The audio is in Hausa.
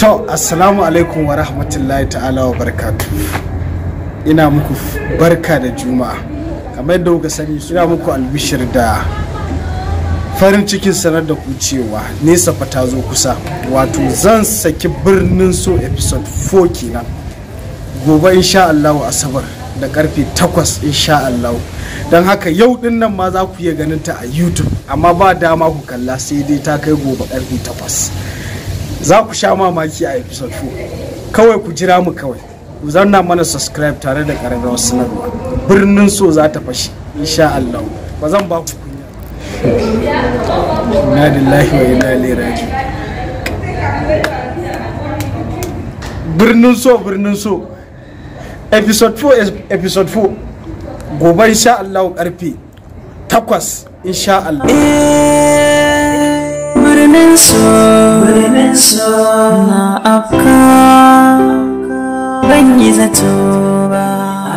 To, Assalamu alaikum wa rahmatullahi ta'ala wa barkatu. Ina muku barka da juma'a. Kamar yadda kuka sani ina muku albishir da farin cikin sanar da ku cewa nesa fa ta zo kusa. Wato zan saki birnin so episode 4 kenan. Gobe insha Allah Asabar da karfe 8 insha Allah. Don haka yau din nan ma za ku iya ganin ta a YouTube amma ba dama ku kalla sai dai ta kai gobe karfe 8. za ku sha mamaki a episode 4 kawai ku jira mu kawai ku zanna mana subscribe tare da wasu sanarwa birnin so za ta fashe insha Allah ba zan ba ku kunya inna lillahi wa inna ilaihi raji'un birnin so birnin so episode 4 episode 4 gobe insha Allah karfe 8 insha Allah eh, birnin so zato na afka ban yi zato